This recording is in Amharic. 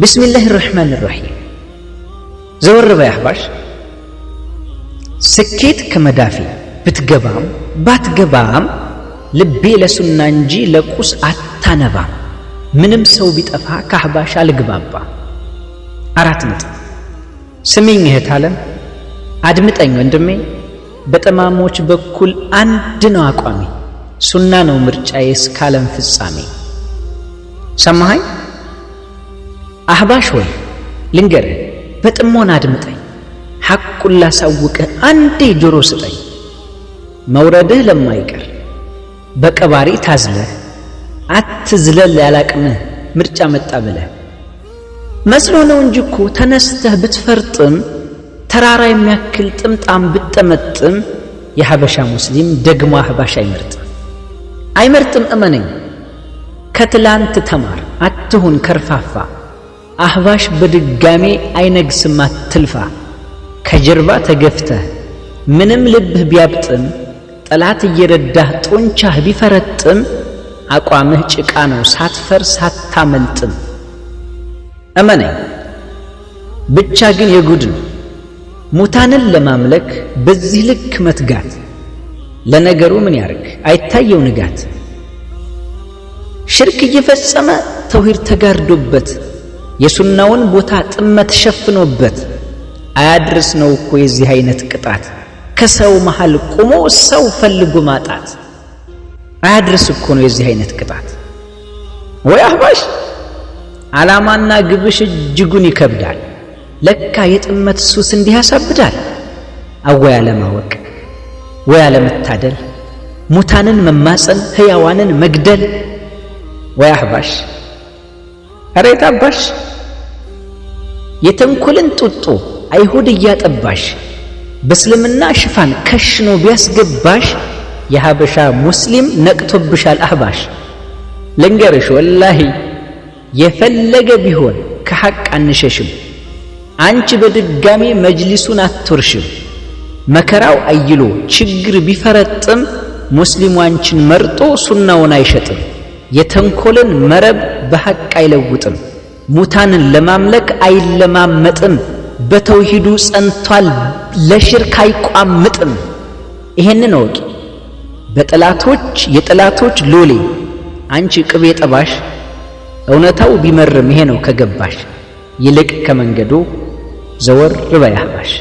ቢስሚላህ ራህማን ራሂም ዘወር በይ አህባሽ ስኬት ከመዳፊ ብትገባም ባትገባም ልቤ ለሱና እንጂ ለቁስ አታነባም። ምንም ሰው ቢጠፋ ከአህባሽ አልግባባ። አራት ነጥብ። ስሚኝ እህት አለም አድምጠኝ ወንድሜ፣ በጠማሞች በኩል አንድ ነው አቋሚ፣ ሱና ነው ምርጫዬ እስካለም ፍጻሜ። ሰማኸኝ? አህባሽ ሆይ ልንገርህ፣ በጥሞና አድምጠኝ፣ ሐቁን ላሳውቅህ አንዴ ጆሮ ስጠኝ። መውረድህ ለማይቀር በቀባሪ ታዝለህ አትዝለል ያላቅምህ ምርጫ መጣ ብለህ መስሎ ነው እንጂ እኮ ተነስተህ ብትፈርጥም ተራራ የሚያክል ጥምጣም ብጠመጥም የሐበሻ ሙስሊም ደግሞ አህባሽ አይመርጥም አይመርጥም። እመነኝ፣ ከትላንት ተማር፣ አትሁን ከርፋፋ። አህባሽ በድጋሜ አይነግስም አትልፋ ከጀርባ ተገፍተህ ምንም ልብህ ቢያብጥም ጠላት እየረዳህ ጡንቻህ ቢፈረጥም አቋምህ ጭቃ ነው ሳትፈር ሳታመልጥም። እመነኝ ብቻ ግን የጉድ ነው ሙታንን ለማምለክ በዚህ ልክ መትጋት። ለነገሩ ምን ያርግ አይታየው ንጋት። ሽርክ እየፈጸመ ተውሂድ ተጋርዶበት የሱናውን ቦታ ጥመት ሸፍኖበት አያድርስ ነው እኮ የዚህ አይነት ቅጣት። ከሰው መሃል ቆሞ ሰው ፈልጎ ማጣት አያድርስ እኮ ነው የዚህ አይነት ቅጣት። ወይ አህባሽ ዓላማና ግብሽ እጅጉን ይከብዳል። ለካ የጥመት ሱስ እንዲህ ያሳብዳል። አወይ አለማወቅ፣ ወይ አለመታደል፣ ሙታንን መማፀን፣ ሕያዋንን መግደል። ወይ አህባሽ ኧረ የታባሽ የተንኮልን ጡጦ አይሁድ እያጠባሽ በእስልምና ሽፋን ከሽኖ ቢያስገባሽ የሀበሻ ሙስሊም ነቅቶብሻል አህባሽ። ልንገርሽ ወላሂ የፈለገ ቢሆን ከሐቅ አንሸሽም። አንቺ በድጋሚ መጅሊሱን አትወርሽም። መከራው አይሎ ችግር ቢፈረጥም ሙስሊሙ አንቺን መርጦ ሱናውን አይሸጥም። የተንኮልን መረብ በሐቅ አይለውጥም፣ ሙታንን ለማምለክ አይለማመጥም፣ በተውሂዱ ጸንቷል፣ ለሽርክ አይቋምጥም። ይሄንን እወቂ። በጠላቶች የጠላቶች ሎሌ አንቺ ቅቤ ጠባሽ፣ እውነታው ቢመርም ይሄ ነው ከገባሽ፣ ይልቅ ከመንገዱ ዘወር ርበይ አህባሽ